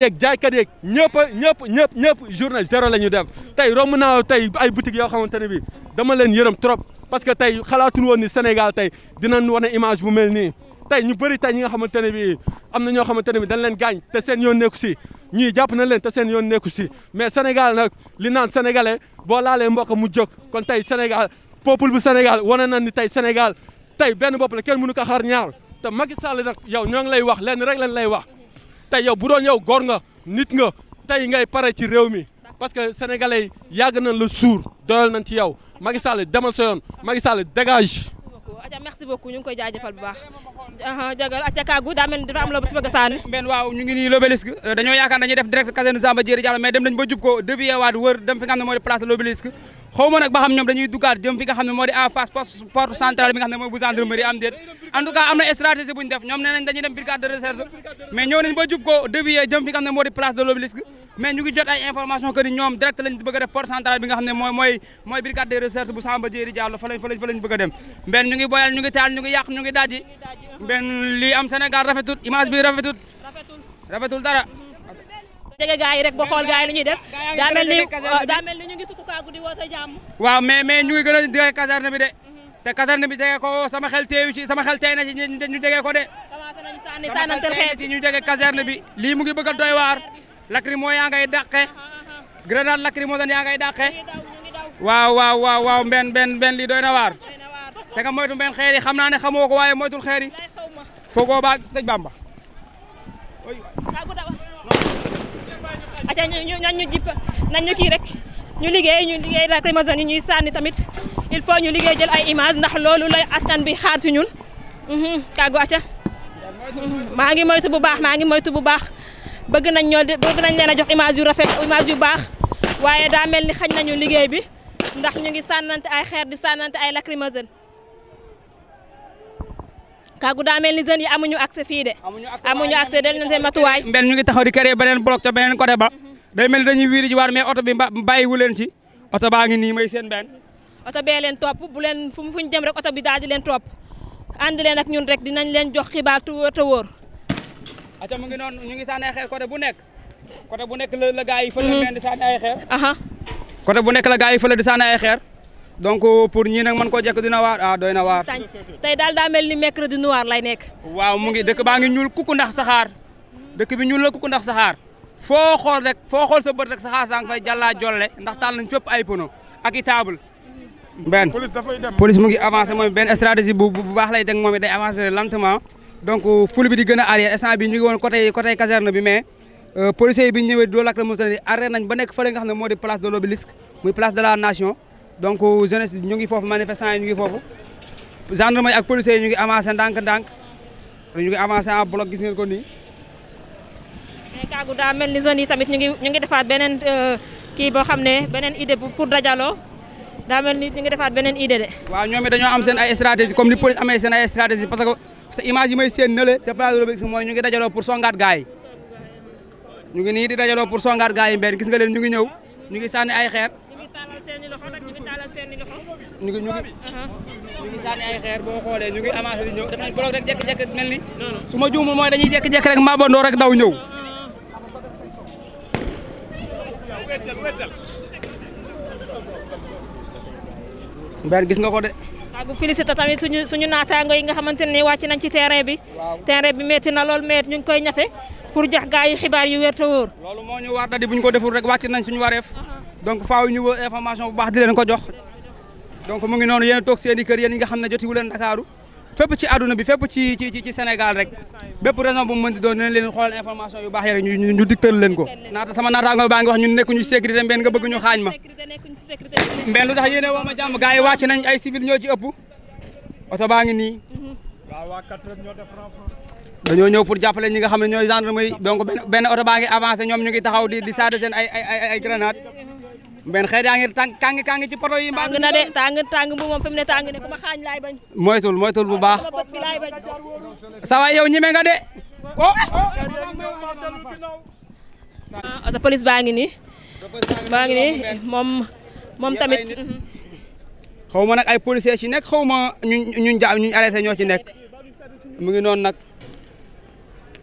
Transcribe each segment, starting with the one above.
yeeg jaaykat yeeg ñëpp ñëpp ñëpp ñëpp journée zéro la ñu def tey romb naa tey ay boutique yoo xamante ne bi dama leen yërëm trop parce que tey xalaatuñu woon ni Sénégal tey dinañ wane image bu mel nii tey ñu bëri tey ñi nga xamante ne bi am na ñoo xamante ne bi dañ leen gaañ te seen yoon nekku si ñii jàpp nañ leen te seen yoon nekku si mais Sénégal nag li naan sénégalais boo laalee mbokk mu jóg kon tey Sénégal peuple bu Sénégal wane nañ ni tey Sénégal tey benn bopp la kenn mënu ko xar ñaar te Macky Sall nag yow ñoo ngi lay wax leen rek lañ lay wax tey yow bu doon yow góor nga nit nga tey ngay pare ci réew mi parce que sénégalais yi yàgg nañ la suur doyal nañ ci yow Macky Sall demal sa yoon Macky Sall dégage. ñu koy jaajëfal bu baax jagal aca kàggu mel dafa am loo si bëgg a waaw ñu ngi nii l'obélisque euh, dañoo yaakaar dañuy def direct caserne Samba Diéry Diallo mais dem nañ ba jub ko dévier waat wër dem fi nga xam ne mooy place xaw ma ñoom dañuy duggaat jëm fi nga ne mooy bu gendarmerie am déet en am na stratégie bu ñu def ñoom nee nañ dem brigade de recherche mais ñëw nañ ba jub ko dévier jëm fi nga ne moo di place de l'obélisque mais ñu ngi jot ay information que ñoom direct lañ bëgg a def porte centrale xam ne mooy mooy de recherche bu Samba Diéry Diallo fa lañ fa lañ a dem mbenn ñu ngi boyal ñu ngi taal ñu ngi yàq ñu ngi dajji mbenn lii am Sénégal jege gars yi rek ba xool gars yi lu ñuy def daa mel ni daa mel ni ñu ngi sukk kaagu di woote jàmm waaw mais mais ñu ngi gën a jege caserne bi de te caserne bi jege ko sama xel teeyu ci sama xel tey na ci ñu jege ko de sànnanteel xeet ci ñu jege caserne bi lii mu ngi bëgg a doy waar lacrymo yaa ngay dàqe grenade lacrymogène yaa ngay dàqe waaw waaw waaw waaw benn benn benn lii doy na waar te nga moytu benn xeer yi xam naa ne xamoo ko waaye moytul xeer yi foogoo baa tëj bamba aca ñu nañ ñu jip nañ ñu kii rek ñu liggéey ñu liggéey lacrymogène ñu ñuy sànni tamit il faut ñu liggéey jël ay image ndax loolu lay askan bi xaar si ñun mhm, kàggu aca mhm, maa ngi moytu bu baax maa ngi moytu bu baax bëgg nañ ñoo bëgg nañ leen a jox image yu rafet image yu baax waaye daa mel ni xañ nañu liggéey bi ndax ñu ngi sànnante ay xeer di sànnante ay lacrymogène kàggu daa mel ni jeunes yi amuñu accès fii de amuñu accès del nañ seen matuwaay mbel ñu ngi taxaw di créer beneen bloc ca beneen côté ba day mel ni dañuy wiiri ji waar mais oto bi bàyyi wu leen ci oto baa ngi nii may seen benn oto bee leen topp bu fu ñu rek oto bi daal leen topp ànd leen ak ñun rek dinañ leen jox xibaar tu wóor te wóor aca mu ngi noonu ñu ngi sànni ay xeer côté bu nekk côté bu nekk la la gars mhm. yi fële di sànni ay xeer bu nekk la gars yi fële di sànni ay xeer donc pour nous on man ko jekk dina war ah doyna war tay dal d'a melni mercredi noir lay nek waaw mu ngi nous ba ngi ñul kuku ndax bi la ndax rek sa rek jolle ndax nañ ay ak table. Ben. police mu ngi avancer ben stratégie bu bu baax lay day lentement donc ful bi di arrière bi ñu ngi côté côté caserne bi mais. Euh, policiers yi bi ñu la a arrêté nañ ba fa nga modi place de l'obélisque muy place de la nation. donc jeunesse ñu ngi fofu manifestant ñu ngi fofu gendarmerie ak police ñu ngi avancer dank dank ñu ngi avancer en bloc gis ngeen ko ni mais kàggu daa mel ni zone yi tamit ñu ngi ñu ngi defaat benen euh, ki bo xamne ne idée pour dajalo da melni ñu ngi defaat benen idée de. wa ñoom it dañoo am sen ay stratégie comme ni police amé sen ay stratégie parce que sa image yi may sen nële ci place robex moy ñu ngi dajalo pour songat gaay ñu ngi ni di dajalo pour songat gaay yi gis nga leen ñu ngi ñew ñu ngi sanni ay xeer ñu ngi ñu di ñëw def nañ bloc rek jékki-jékki mel ni su ma juumul mooy dañuy jékki-jékki rek mabandoo rek daw ñëw mbeen gis nga ko de waaw félicité tamit suñu suñu naataango yi nga xamante ne wàcc nañ ci terrain bi terrain bi metti na lool metti ñu ngi koy ñafe pour jox gaay yi xibaar yu wér te wóor loolu war da di buñ ko deful rek wàcc nañ suñu wareef donc faaw ñu wër information bu baax di leen ko jox donc mu ngi noonu yéen a toog seen i kër yéen ñi nga xam ne jotiwu leen Dakaaru fépp ci àdduna bi fépp ci ci ci Sénégal rek bépp raison bu mu mënti doon dinañ leen xoolal information yu baax yi rek ñu ñu leen ko naata sama naataango baa ngi wax ñun nekkuñu sécurité mbeen nga bëgg ñu xaañ ma mbeen lu tax yéene woo ma jàmm gars nañ ay civil ñoo ci ëpp oto baa ngi dañoo ñëw pour jàppale ñi nga xam ne ñooy gendarmerie donc benn oto baa ngi avancé ñoom ñu ngi taxaw di di saada seen xey da ngir tang kangi kangi ci poto yi mbang na de tang tang bu mom fim ne tang ne kuma xagn lay bañ moytul moytul bu baax way yow ñime nga de oh ata ah, police baangi ni baangi ni mom mom tamit mhm. xawma nak ay police ci nek xawma ñun ñu ñun arrêté ño ci nek mu ngi non nak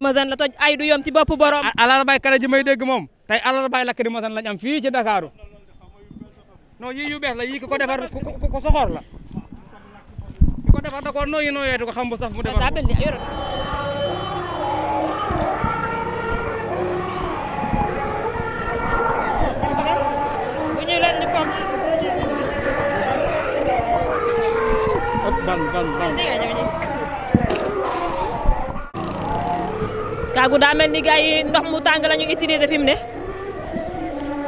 mazan la toj ay du yom ci bop borom ala bay kala ji may deg mom tay ala bay lak di mazan lañ am fi ci dakaru no yi yu bees la yi ko defar ko soxor la ko defar da ko noyi noyee ko xam bu mu defar ni ayo bu ñu leen di ndox mu utiliser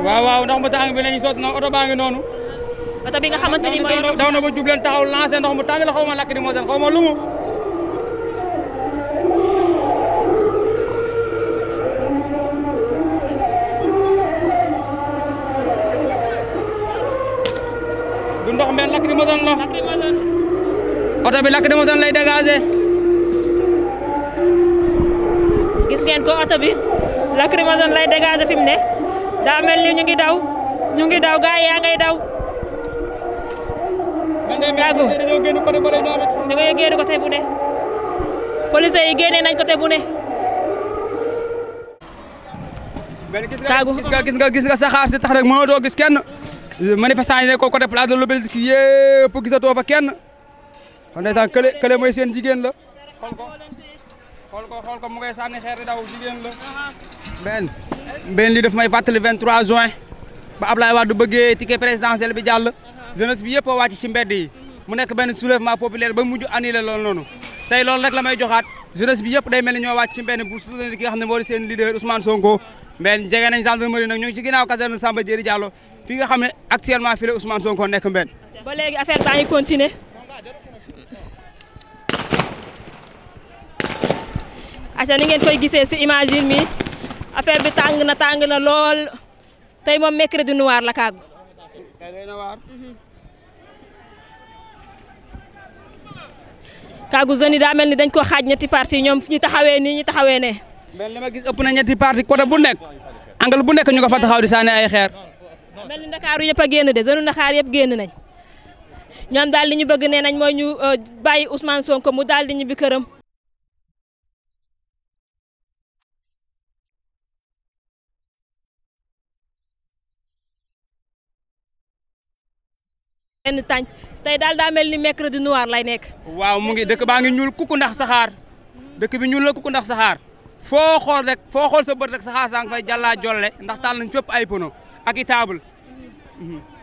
waaw waaw ndox mu tàng bi la ñuy noonu oto bi nga xamante ni mooy. daw na ba jub leen taxaw lancé ndox mu tàng la xaw ma lakk lumu. du ndox meen lakk di la. oto bi lakk di moo gis ngeen ko oto bi lakk di moo seen lay dégagé ne. daa mel ni ñu ngi daw ñu ngi daw gaa yaa ngay daw. tàggu da ngay génn côté bu ne. police yi nañ côté bu ne. gis nga gis nga gis saxaar si tax rek moo doo gis kenn. manifestant yi ko côté place de l'Obélisque yëpp gisatoo fa kenn. xam nga daal kële kële mooy seen jigéen la. xool ko xool ko xool ko benn li daf may fàttali juin ba Ablaye Wade bëggee ticket présidentiel bi jàll jeunesse bi yëpp a ci mbedd yi mu nekk benn soulèvement populaire ba mujj annulé loolu noonu tey loolu rek la may joxaat jeunesse bi yëpp day mel ni ñoo wàcc ci mbedd bu soutenir ki nga xam ne moo di seen leader Ousmane Sonko mais jege nañ gendarmerie nag ñu ngi ci ginnaaw caserne Samba Diéry Diallo fi nga xam ne actuellement fi la Ousmane Sonko nekk mbenn ba léegi gisee si image yi affaire bi tàng na tàng na lool tey moom mercredi noir la kàggu. kàggu jeunes yi daa ni dañ ko xaaj ñetti parti ñoom ñu taxawee nii ñu taxawee ne. mel li gis ëpp na ñetti parti côté bu nekk angle bu nekk ñu fa taxaw di sànni ay xeer. mel ni Ndakaaru yëpp a génn de zone Ndakaar yëpp nañ ñoom daal li ñu bëgg nee nañ mooy ñu euh, Ousmane Sonko mu di benn tànc tey daal daa mel ni mercredi noir lay nekk. waaw mu ngi dëkk baa ngi ñuul kukk ndax saxaar dëkk bi ñuul na kukku ndax saxaar foo xool rek foo xool sa bët rek saxaar sang fay jàllaa jolle ndax taal nañ fépp ay pono ak i table. Mm-hmm. Mm-hmm.